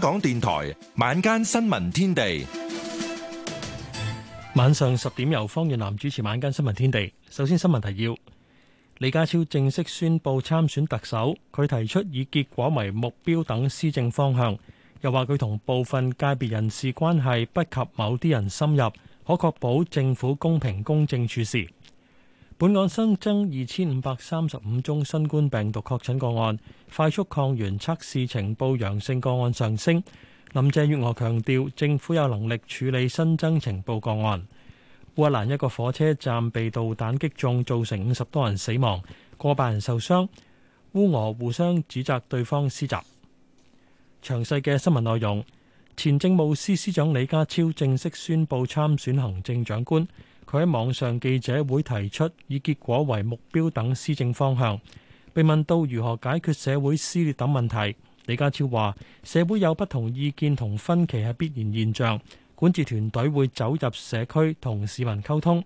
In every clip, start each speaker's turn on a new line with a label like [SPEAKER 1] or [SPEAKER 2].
[SPEAKER 1] 香港電台晚間新聞天地，晚上十點由方遠南主持晚間新聞天地。首先新聞提要：李家超正式宣布參選特首，佢提出以結果為目標等施政方向，又話佢同部分界別人士關係不及某啲人深入，可確保政府公平公正處事。本港新增二千五百三十五宗新冠病毒確診個案，快速抗原測試呈報陽性個案上升。林鄭月娥強調，政府有能力處理新增呈報個案。烏克蘭一個火車站被導彈擊中，造成五十多人死亡，過百人受傷。烏俄互相指責對方施襲。詳細嘅新聞內容，前政務司司長李家超正式宣布參選行政長官。佢喺網上記者會提出以結果為目標等施政方向，被問到如何解決社會撕裂等問題，李家超話：社會有不同意見同分歧係必然現象，管治團隊會走入社區同市民溝通。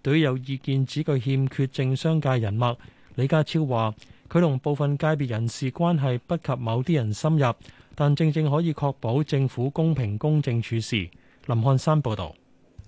[SPEAKER 1] 對於有意見指佢欠缺政商界人脈，李家超話：佢同部分界別人士關係不及某啲人深入，但正正可以確保政府公平公正處
[SPEAKER 2] 事。林漢山報導。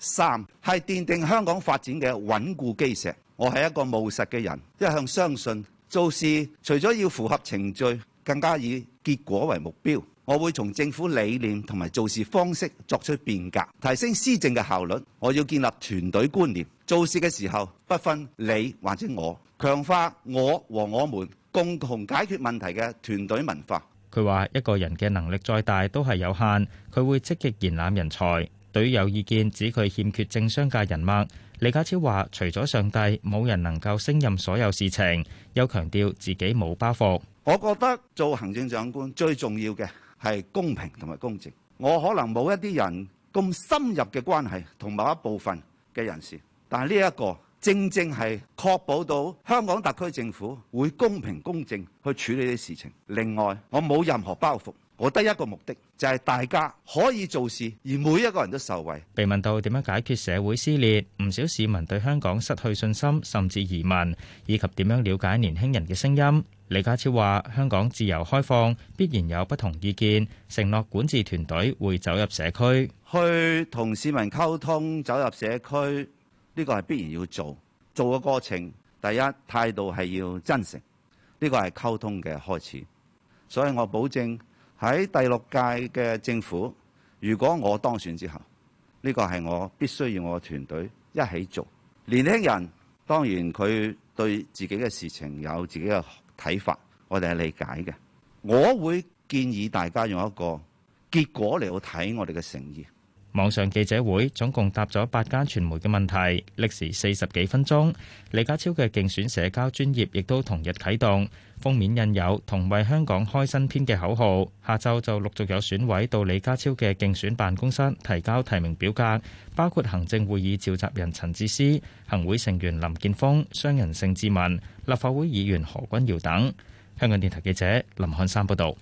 [SPEAKER 2] 三
[SPEAKER 3] 係奠定香港發展嘅穩固基石。我係一個務實嘅人，一向相信做事除咗要符合程序，更加以結果為目標。我會從政府理念同埋做事方式作出變革，提升施政嘅效率。我要建立團隊觀念，做事嘅時候不分你或者我，強化我和我們共同解決問題嘅團隊文化。
[SPEAKER 2] 佢話：一個人嘅能力再大都係有限，佢會積極延攬人才。對有意見指佢欠缺政商界人脈，李家超話：除咗上帝，冇人能夠勝任所有事情。又強調自己冇包袱。
[SPEAKER 3] 我覺得做行政長官最重要嘅係公平同埋公正。我可能冇一啲人咁深入嘅關係同某一部分嘅人士，但係呢一個正正係確保到香港特區政府會公平公正去處理啲事情。另外，我冇任何包袱。我得一個目的，就係、是、大家可以做事，而每一個人都受惠。
[SPEAKER 2] 被問到點樣解決社會撕裂，唔少市民對香港失去信心，甚至移民，以及點樣了解年輕人嘅聲音，李家超話：香港自由開放，必然有不同意見。承諾管治團隊會走入社區，去
[SPEAKER 3] 同市民溝通，走入社區呢、這個係必然要做做嘅過程。第一態度係要真誠，呢、這個係溝通嘅開始。所以我保證。喺第六屆嘅政府，如果我當選之後，呢個係我必須要我團隊一起做。年輕人當然佢對自己嘅事情有自己嘅睇法，我哋係理解嘅。我會建議大家用一個結果嚟去睇我哋嘅誠意。
[SPEAKER 2] 網上記者會總共答咗八間傳媒嘅問題，歷時四十幾分鐘。李家超嘅競選社交專頁亦都同日啟動，封面印有同為香港開新篇嘅口號。下晝就陸續有選委到李家超嘅競選辦公室提交提名表格，包括行政會議召集人陳智思、行會成員林建峰、商人盛智文、立法會議員何君堯等。香港電台記者林漢山報導。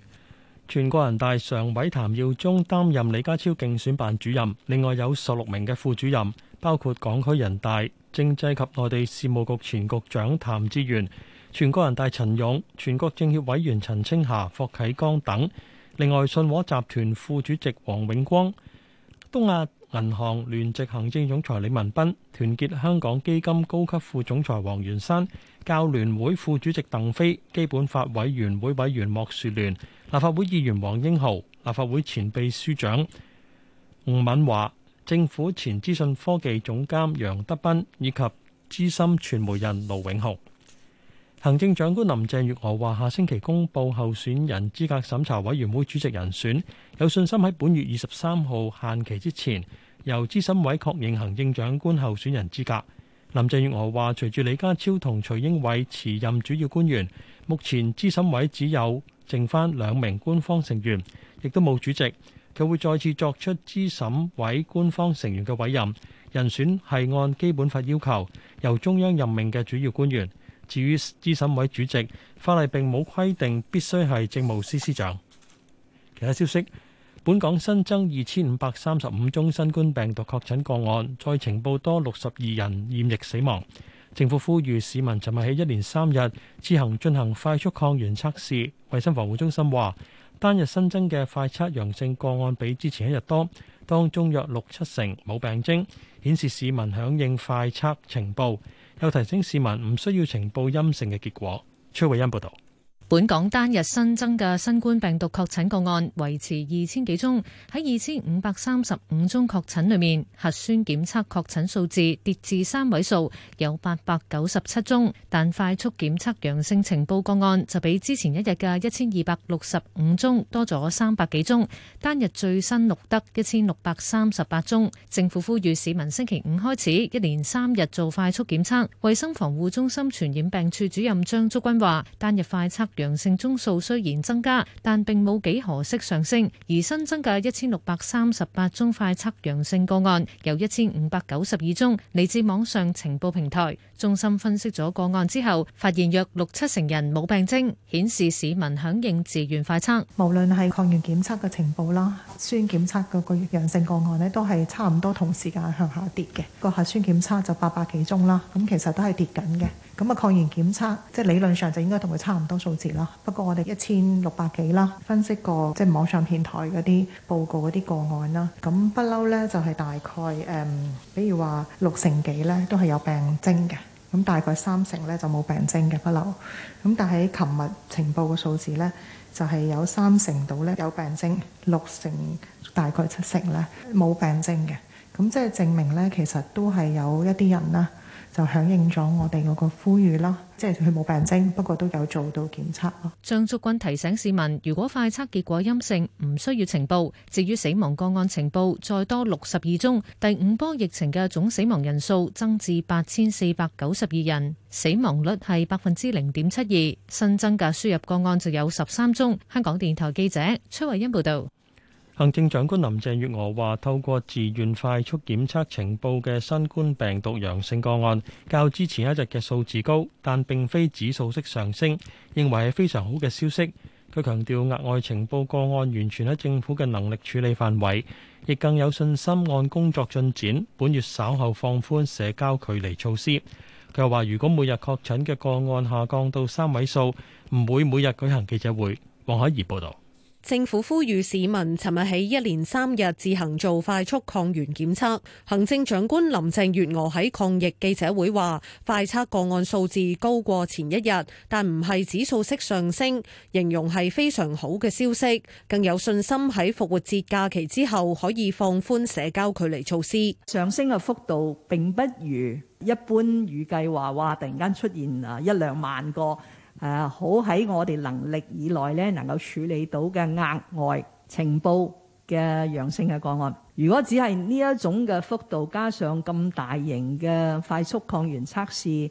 [SPEAKER 2] 全國人大
[SPEAKER 1] 常委譚耀宗擔任李家超競選辦主任，另外有十六名嘅副主任，包括港區人大政制及內地事務局前局長譚志源、全國人大陳勇、全國政協委員陳清霞、霍啟剛等。另外，信和集團副主席黃永光、東亞銀行聯席行政總裁李文斌、團結香港基金高級副總裁黃元山、教聯會副主席鄧飛、基本法委員會委員莫樹聯。立法會議員黃英豪、立法會前秘書長吳敏華，政府前資訊科技總監楊德斌以及資深傳媒人盧永雄。行政長官林鄭月娥話：下星期公布候選人資格審查委員會主席人選，有信心喺本月二十三號限期之前由資審委確認行政長官候選人資格。林鄭月娥話：隨住李家超同徐英偉辭任主要官員，目前資審委只有，剩翻兩名官方成員，亦都冇主席。佢會再次作出資審委官方成員嘅委任，人選係按基本法要求由中央任命嘅主要官員。至於資審委主席，法例並冇規定必須係政務司司長。其他消息：本港新增二千五百三十五宗新冠病毒確診個案，再呈報多六十二人染疫死亡。政府呼籲市民尋日喺一連三日自行進行快速抗原測試。衞生防護中心話，單日新增嘅快測陽性個案比之前一日多，當中約六七成冇病徵，顯示市民響應快測申報，又提醒市民唔需要申報陰性嘅結果。崔慧欣報道。
[SPEAKER 4] 本港單日新增嘅新冠病毒確診個案維持二千幾宗，喺二千五百三十五宗確診裏面，核酸檢測確診數字跌至三位數，有八百九十七宗，但快速檢測陽性情報個案就比之前一日嘅一千二百六十五宗多咗三百幾宗，單日最新錄得一千六百三十八宗。政府呼籲市民星期五開始一連三日做快速檢測。衞生防護中心傳染病處主任張竹君話：單日快測陽性宗數雖然增加，但並冇幾何式上升。而新增嘅一千六百三十八宗快測陽性個案，由一千五百九十二宗嚟自網上情報平台。中心分析咗個案之後，發現約六七成人冇病徵，顯示市民響應自願快測。無論係抗原檢測嘅情報啦，核酸檢測嗰個陽性個案呢都係差唔多同時間向下跌嘅。
[SPEAKER 5] 個核酸檢測就八百幾宗啦，咁其實都係跌緊嘅。咁啊，抗原檢測即係理論上就應該同佢差唔多數字啦。不過我哋一千六百幾啦，分析過即係、就是、網上平台嗰啲報告嗰啲個案啦。咁不嬲呢，就係、是、大概誒、嗯，比如話六成幾呢，都係有病徵嘅。咁大概三成呢，就冇病徵嘅不嬲。咁但係琴日呈報嘅數字呢，就係、是、有三成度呢，有病徵，六成大概七成呢，冇病徵嘅。咁即係證明呢，其實都係有一啲人啦。就響應咗我哋嗰個呼籲啦，即係佢冇病徵，
[SPEAKER 4] 不過都有做到檢測咯。張竹君提醒市民，如果快測結果陰性，唔需要呈報，至於死亡個案呈報再多六十二宗，第五波疫情嘅總死亡人數增至八千四百九十二人，死亡率係百分之零點七二。新增嘅輸入個案就有十三宗。香港電台記者崔慧欣報道。
[SPEAKER 1] 行政長官林鄭月娥話：透過自願快速檢測呈報嘅新冠病毒陽性個案，較之前一日嘅數字高，但並非指數式上升，認為係非常好嘅消息。佢強調額外呈報個案完全喺政府嘅能力處理範圍，亦更有信心按工作進展，本月稍後放寬社交距離措施。佢又話：如果每日確診嘅個案下降到三位數，唔會每日舉行記者會。黃海怡報導。
[SPEAKER 4] 政府呼籲市
[SPEAKER 5] 民，尋日起一連三日自行做快速抗原檢測。行政長官林鄭月娥喺抗疫記者會話：快測個案數字高過前一日，但唔係指數式上升，形容係非常好嘅消息，更有信心喺復活節假期之後可以放寬社交距離措施。上升嘅幅度並不如一般預計話，哇突然間出現啊一兩萬個。誒、啊、好喺我哋能力以內咧，能夠處理到嘅額外情報嘅陽性嘅個案，如果只係呢一種嘅幅度，加上咁大型嘅快速抗原測試，誒、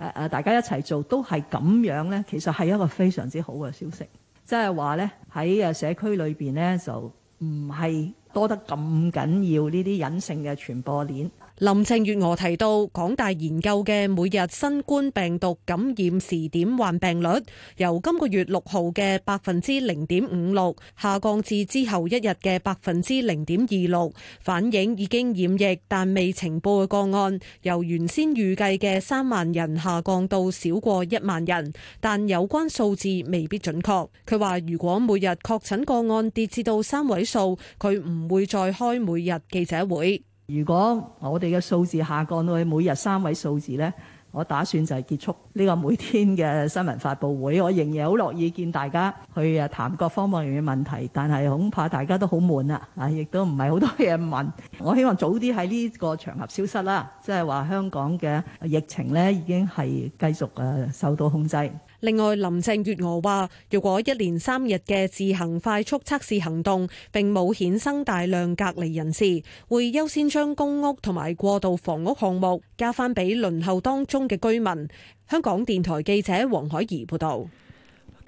[SPEAKER 5] 啊、誒大家一齊做，都係咁樣咧，其實係一個非常之好嘅消息，即係話咧喺誒社區裏邊咧就唔係多得咁緊要呢啲隱性嘅傳播鏈。林鄭月娥提到，港大研究嘅每日新冠病毒感染時點患病率，由今個月六號嘅百分之零點五六下降至之後一日嘅百分之零點二六，反映已經染疫但未呈報嘅個案，由原先預計嘅三萬人下降到少過一萬人。但有關數字未必準確。佢話如果每日確診個案跌至到三位數，佢唔會再開每日記者會。如果我哋嘅數字下降到去每日三位數字呢，我打算就結束呢個每天嘅新聞發佈會。我仍然好樂意見大家去談各方面嘅問題，但係恐怕大家都好悶啦啊！亦都唔係好多嘢問。我希望早啲喺呢個場合消失啦，即係話香港嘅疫情呢已經係繼續受到控制。另外，林鄭月娥話，如果一連三日嘅自行快速測試行動並冇衍生大量隔離人士，會優先將公屋同埋過渡房屋項目交翻俾輪候當中嘅居民。香港電台記者黃海
[SPEAKER 1] 怡報道。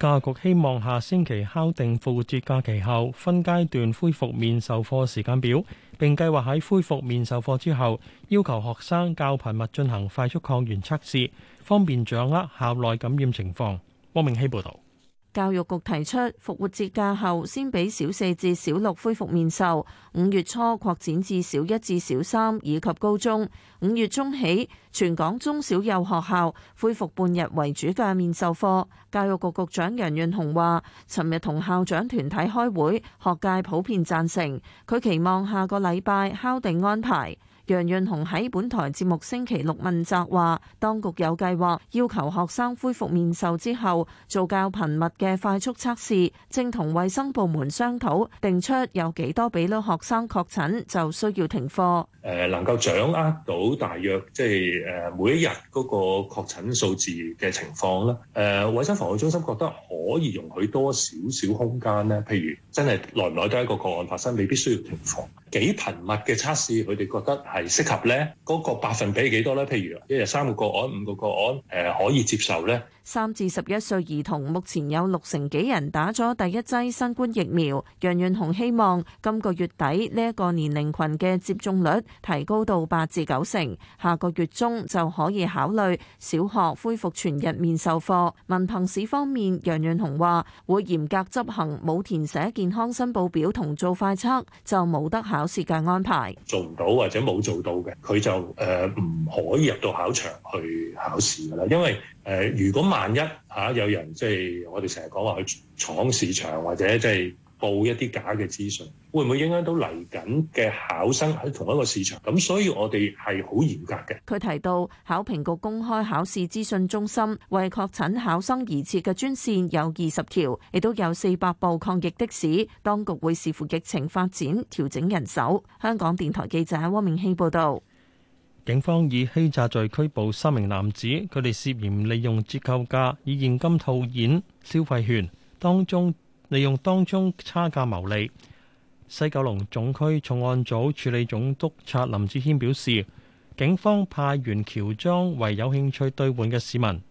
[SPEAKER 1] 教育局希望下星期敲定復活節假期後分階段恢復面授課時間表，並計劃喺恢復面授課之後，要求學生較頻密進行快速抗原測試，方便掌握校內感染情況。汪明希報道。
[SPEAKER 6] 教育局提出復活節假後先俾小四至小六恢復面授，五月初擴展至小一至小三以及高中。五月中起，全港中小幼學校恢復半日為主嘅面授課。教育局局長楊潤雄話，尋日同校長團體開會，學界普遍贊成，佢期望下個禮拜敲定安排。楊潤雄喺本台節目星期六問責話，當局有計劃要求學生恢復面授之後做較頻密嘅快速測試，正同衛生部門商討定出有幾多比率學生確診就需要停課。誒，
[SPEAKER 1] 能夠掌握到大約即係誒每一日嗰個確診數字嘅情況啦。誒、呃，衛生防護中心覺得可以容許多少少空間咧，譬如真係耐唔耐都係一個個案發生，未必需要停課。幾頻密嘅測試，佢哋覺得係。適合呢嗰個百分比幾多呢？譬如一日三個個案、五個個案，誒可以接受呢。
[SPEAKER 6] 三至十一歲兒童目前有六成幾人打咗第一劑新冠疫苗。楊潤雄希望今個月底呢一個年齡群嘅接種率提高到八至九成，下個月中就可以考慮小學恢復全日面授課。文憑試方面，楊潤雄話會嚴格執行，冇填寫健康申報表同做快測就冇得考試嘅安排。
[SPEAKER 1] 做唔到或者冇做。做到嘅，佢就誒唔、呃、可以入到考場去考試㗎啦，因為誒、呃，如果萬一吓、啊、有人即係我哋成日講話去闖市場，或者即係。報一啲假嘅資訊，會唔會影響到嚟緊嘅考生喺同一個市場？咁所以我哋係好嚴格嘅。
[SPEAKER 6] 佢提到考評局公開考試資訊中心為確診考生而設嘅專線有二十條，亦都有四百部抗疫的士。當局會視乎疫情發展調整人手。香港電台記者汪明希報道。
[SPEAKER 1] 警方以欺詐罪拘捕捕三名男子，佢哋涉嫌利用折扣價以現金套現消費券，當中。利用當中差價牟利，西九龍總區重案組處理總督察林志軒表示，警方派員喬裝為有興趣兌換嘅市民，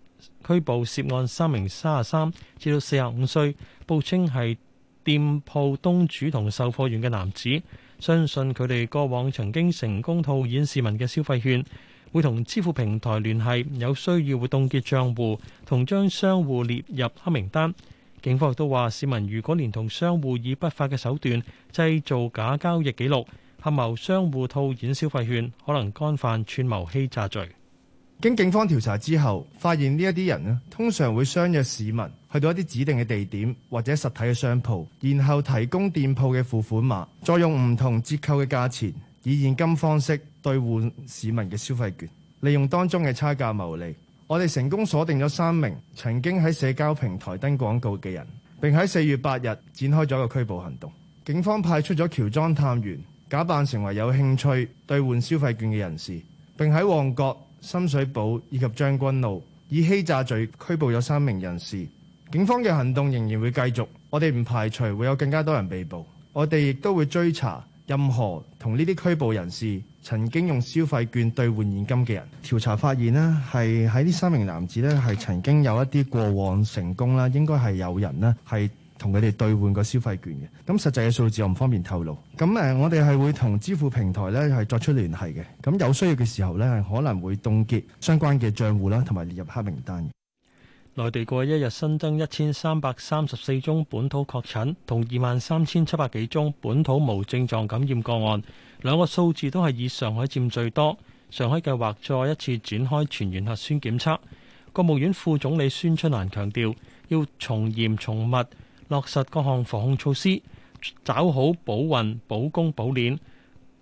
[SPEAKER 1] 拘捕涉案三名三十三至到四十五歲，報稱係店鋪東主同售貨員嘅男子，相信佢哋過往曾經成功套現市民嘅消費券，會同支付平台聯繫，有需要會凍結賬戶同將商戶列入黑名單。警方亦都話，市民如果連同商戶以不法嘅手段製造假交易記錄，合謀商戶套現消費券，可能干犯串謀欺詐罪。經警方調查之後，發現呢一啲人咧，通常會相
[SPEAKER 7] 約市民去到一啲指定嘅地點或者實體嘅商鋪，然後提供店鋪嘅付款碼，再用唔同折扣嘅價錢，以現金方式兌換市民嘅消費券，利用當中嘅差價牟利。我哋成功鎖定咗三名曾經喺社交平台登廣告嘅人，並喺四月八日展開咗一個拘捕行動。警方派出咗喬裝探員，假扮成為有興趣兌換消費券嘅人士，並喺旺角、深水埗以及將軍澳以欺詐罪拘捕咗三名人士。警方嘅行動仍然會繼續，我哋唔排除會有更加多人被捕。我哋亦都會追查。任何同呢啲拘捕人士曾經用消費券兌換現金嘅人，調查發現咧，係喺呢三名男子咧係曾經有一啲過往成功啦，應該係有人咧係同佢哋兌換過消費券嘅。咁實際嘅數字我唔方便透露。咁誒，我哋係會同支付平台咧係作出聯繫嘅。咁有需要嘅時候咧，係可能會凍結相關嘅賬戶啦，同埋列入黑名單。
[SPEAKER 1] 內地過去一日新增一千三百三十四宗本土確診，同二萬三千七百幾宗本土無症狀感染個案，兩個數字都係以上海佔最多。上海計劃再一次展開全員核酸檢測。國務院副總理孫春蘭強調，要從嚴從密落實各項防控措施，抓好保運、保供、保鏈，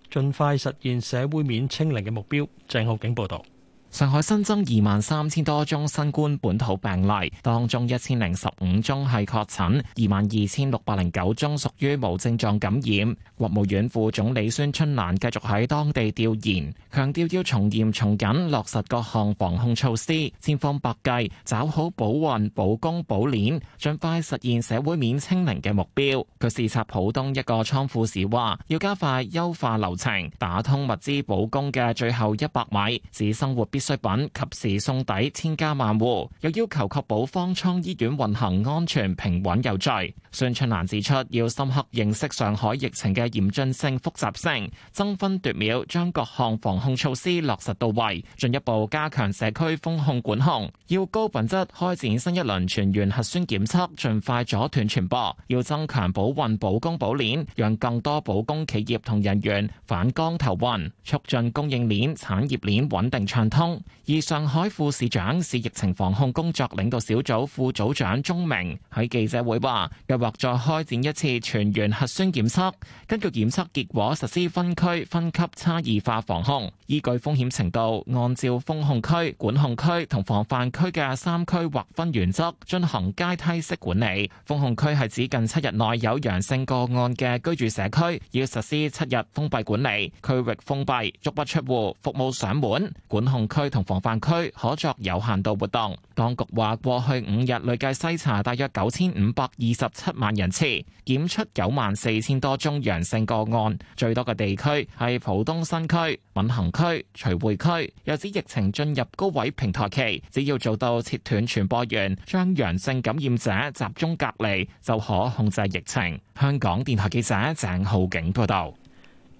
[SPEAKER 1] 盡快實現社會面清零嘅目標。
[SPEAKER 8] 鄭浩景報導。上海新增二萬三千多宗新冠本土病例，當中一千零十五宗係確診，二萬二千六百零九宗屬於無症狀感染。國務院副總理孫春蘭繼續喺當地調研，強調要從嚴從緊落實各項防控措施，千方百計抓好保運、保供、保鏈，盡快實現社會面清零嘅目標，佢視察浦東一個倉庫時話要加快優化流程，打通物資保供嘅最後一百米，使生活。必需品及時送抵千家萬戶，又要求確保方艙醫院運行安全平穩有序。孫春蘭指出，要深刻認識上海疫情嘅嚴峻性、複雜性，爭分奪秒，將各項防控措施落實到位，進一步加強社區封控管控。要高品質開展新一輪全員核酸檢測，盡快阻斷傳播。要增強保運、保供、保鏈，讓更多保供企業同人員返崗投運，促進供應鏈、產業鏈穩定暢通。而上海副市長、市疫情防控工作領導小組副組長鍾明喺記者會話，計劃再開展一次全員核酸檢測，根據檢測結果實施分區分級差異化防控，依據風險程度，按照封控區、管控區同防範區嘅三區劃分原則進行階梯式管理。封控區係指近七日內有陽性個案嘅居住社區，要實施七日封閉管理，區域封閉，足不出戶，服務上門。管控區。區同防範區可作有限度活動。當局話，過去五日累計篩查大約九千五百二十七萬人次，檢出九萬四千多宗陽性個案。最多嘅地區係浦東新區、閔行區、徐匯區。又指疫情進入高位平台期，只要做到切斷傳播源，將陽性感染者集中隔離，就可控制疫情。香港電台記者鄭浩景報道。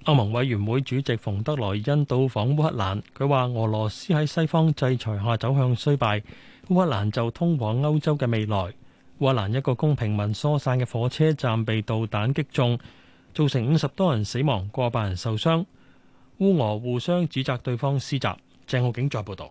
[SPEAKER 8] 歐盟委員會主席馮德萊恩到訪烏克蘭，佢
[SPEAKER 1] 話俄羅斯喺西方制裁下走向衰敗，烏克蘭就通往歐洲嘅未來。烏克蘭一個供平民疏散嘅火車站被導彈擊中，造成五十多人死亡，過百人受傷。烏俄互相指責對方施襲，
[SPEAKER 8] 鄭浩景再報道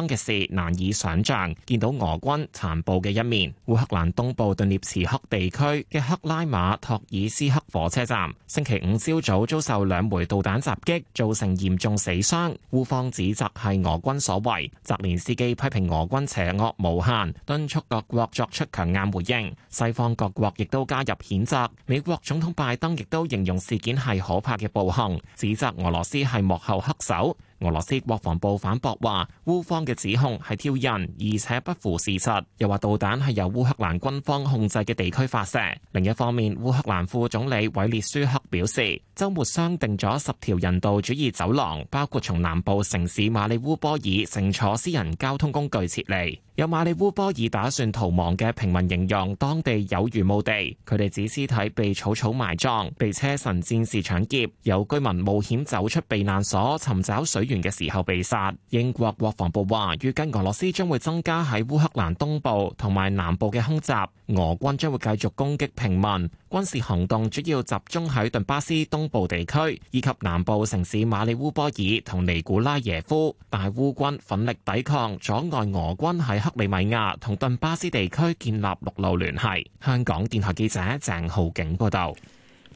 [SPEAKER 8] 嘅事難以想象，見到俄軍殘暴嘅一面。烏克蘭東部頓涅茨克地區嘅克拉馬托爾斯克火車站，星期五朝早遭受兩枚導彈襲擊，造成嚴重死傷。烏方指責係俄軍所為。澤連斯基批評俄軍邪惡無限，敦促各國作出強硬回應。西方各國亦都加入譴責。美國總統拜登亦都形容事件係可怕嘅暴行，指責俄羅斯係幕後黑手。俄羅斯國防部反駁話，烏方嘅指控係挑釁，而且不符事實。又話導彈係由烏克蘭軍方控制嘅地區發射。另一方面，烏克蘭副總理韋列舒克表示，週末商定咗十條人道主義走廊，包括從南部城市馬里烏波爾乘坐私人交通工具撤離。有馬里烏波爾打算逃亡嘅平民形容當地有如墓地，佢哋指屍體被草草埋葬，被車臣戰士搶劫。有居民冒險走出避難所尋找水嘅時候被殺。英國國防部話，預計俄羅斯將會增加喺烏克蘭東部同埋南部嘅空襲，俄軍將會繼續攻擊平民。軍事行動主要集中喺頓巴斯東部地區以及南部城市馬里烏波爾同尼古拉耶夫。但烏軍奮力抵抗，阻礙俄軍喺克里米亞同頓巴斯地區建立陸路聯繫。香港電台記者鄭浩景報道。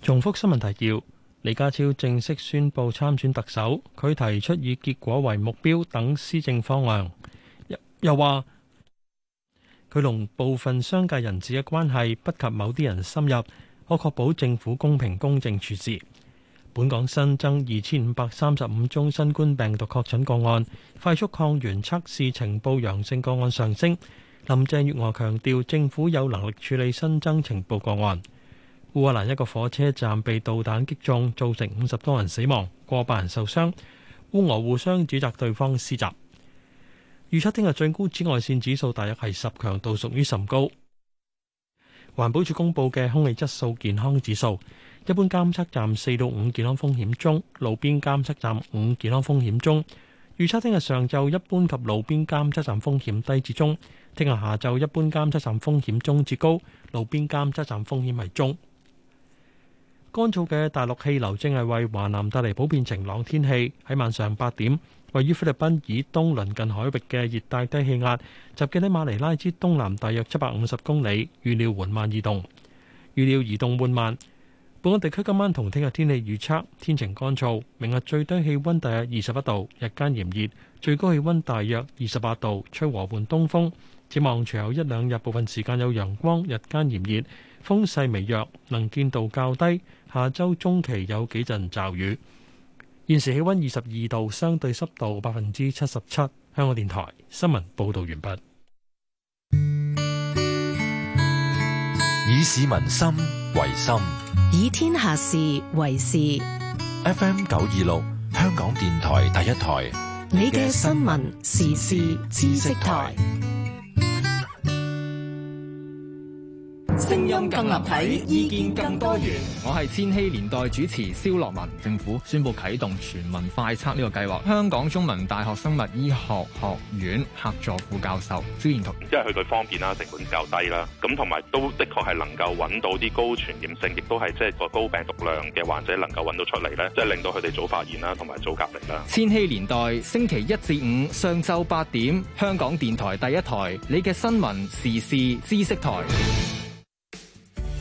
[SPEAKER 1] 重複新聞提要。李家超正式宣布參選特首，佢提出以結果為目標等施政方案，又又話佢同部分商界人士嘅關係不及某啲人深入，可確保政府公平公正處置。本港新增二千五百三十五宗新冠病毒確診個案，快速抗原測試呈報陽性個案上升。林鄭月娥強調，政府有能力處理新增呈報個案。烏克蘭一個火車站被導彈擊中，造成五十多人死亡，過百人受傷。烏俄互相指責對方施襲。預測聽日最高紫外線指數大約係十，強度屬於甚高。環保署公布嘅空氣質素健康指數，一般監測站四到五，健康風險中，路邊監測站五，健康風險中。預測聽日上晝一般及路邊監測站風險低至中，聽日下晝一般監測站風險中至高，路邊監測站風險係中。乾燥嘅大陸氣流正係為華南帶嚟普遍晴朗天氣。喺晚上八點，位於菲律賓以東鄰近海域嘅熱帶低氣壓集結喺馬尼拉之東南大約七百五十公里，預料緩慢移動。預料移動緩慢。本港地區今晚同聽日天氣預測天晴乾燥，明日最低氣溫大約二十一度，日間炎熱，最高氣溫大約二十八度，吹和緩東風。展望隨後一兩日部分時間有陽光，日間炎熱，風勢微弱，能見度較低。下周中期有幾陣驟雨，現時氣温二十二度，相對濕度百分之七十七。香港電台新聞報道完畢。以市民心為心，以天下事為事。FM 九二六，香港電台第一台，
[SPEAKER 4] 你嘅
[SPEAKER 8] 新聞時事知識台。聲音更立體，意見更多元。我係千禧年代主持蕭樂文。政府宣布啟動全民快測呢個計劃。香港中文大學生物醫學學院客座副教授朱賢同。因為佢佢方便啦，成本較低
[SPEAKER 1] 啦。咁同埋都的確係能夠揾到啲高傳染性，亦都係即係個高病毒量嘅患者能夠揾到出嚟咧，即係令到佢哋早發現啦，同埋早隔離啦。
[SPEAKER 8] 千禧年代星期一至五上晝八點，香港電台第一台，你嘅新聞時事知識台。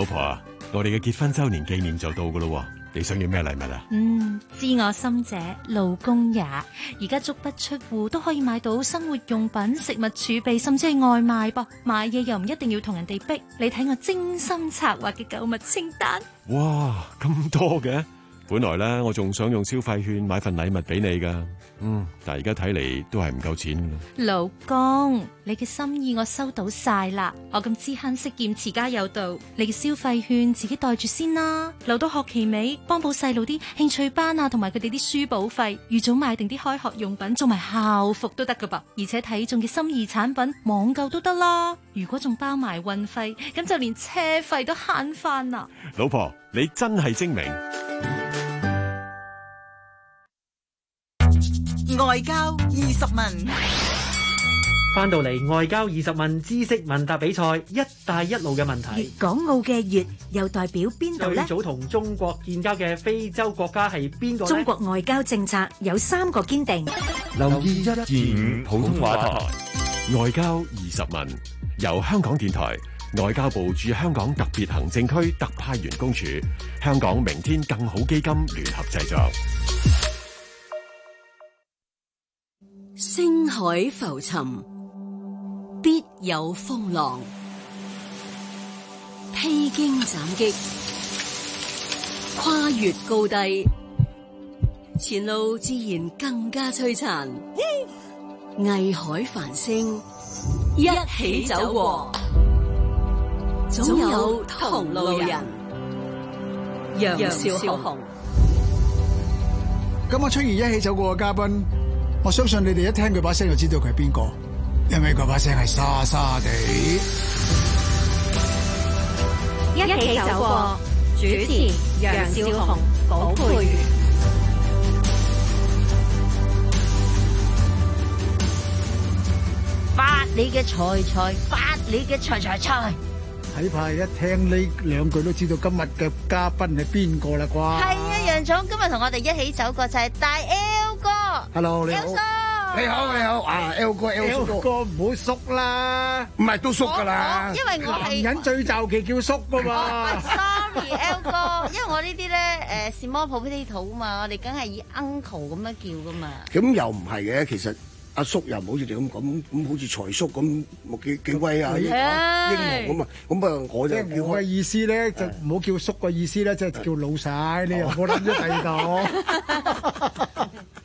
[SPEAKER 1] 老婆啊，我哋嘅結婚周年紀念就到噶咯，你想要咩禮物啊？嗯，
[SPEAKER 9] 知我心者，老公也。
[SPEAKER 4] 而家足不出戶都可以買到生活用品、食物儲備，甚至係外賣噃。買嘢又唔一定要同人哋逼，你睇我精心策劃嘅購物清單。
[SPEAKER 1] 哇，咁多嘅？本來咧我仲想用消費券買份禮物俾你噶。嗯，但係而家睇嚟都係唔夠錢。
[SPEAKER 4] 老公，你嘅心意我收到晒啦。我咁知慳識儉，持家有道。你嘅消費券自己袋住先啦，留到學期尾幫補細路啲興趣班啊，同埋佢哋啲書簿費，預早買定啲開學用品，做埋校服都得噶噃。而且睇中嘅心儀產品網購都得啦。如果仲包埋運費，咁就連車費都慳翻啦。
[SPEAKER 1] 老婆，你真係精明。
[SPEAKER 9] 外交
[SPEAKER 1] 二十問，返到嚟，外交二十問知識問答比賽。一帶一路嘅問題。粵
[SPEAKER 9] 港澳嘅粵又代表邊度咧？最早同
[SPEAKER 1] 中國建交嘅非洲國家係邊個咧？中國
[SPEAKER 9] 外交政策有三個堅
[SPEAKER 2] 定。
[SPEAKER 1] 留意一二五普通話台，外交二十問由香港電台、外交部駐香港特別行政區特派員公署、香港明天更好基金聯合製作。
[SPEAKER 9] 星海浮沉，必有風浪；披荊斬棘，跨越高低，前路自然更加璀璨。藝 海繁星，一起走過，總有同路人。楊
[SPEAKER 7] 少雄，今日春現一起走過嘅嘉賓。我相信你哋一聽佢把聲，就知道佢係邊個，因為佢把聲係沙沙地。
[SPEAKER 9] 一
[SPEAKER 7] 起走過，主持楊兆鴻、古佩如。發你嘅財財，發你嘅財財財。睇怕
[SPEAKER 3] 一聽呢兩句，都知道今日嘅嘉賓係邊
[SPEAKER 9] 個啦啩？係啊，楊總，今日同我哋一起走過就係大 L。
[SPEAKER 3] hello，你好你好你好啊，L 哥，L 哥，唔好叔啦，唔係
[SPEAKER 7] 都叔噶啦，因為我藝人最早期叫叔噶嘛。
[SPEAKER 8] sorry L 哥，
[SPEAKER 9] 因為我呢啲咧，誒是 small potato 啊嘛，我哋梗係以 uncle 咁樣叫噶嘛。
[SPEAKER 7] 咁又唔係嘅，其實阿叔又唔好似你咁咁咁好似財叔咁幾幾威啊，英豪咁啊，咁啊我就嘅意思咧，就唔好叫叔個意思咧，即
[SPEAKER 3] 係叫老細。你又冇諗咗第二度。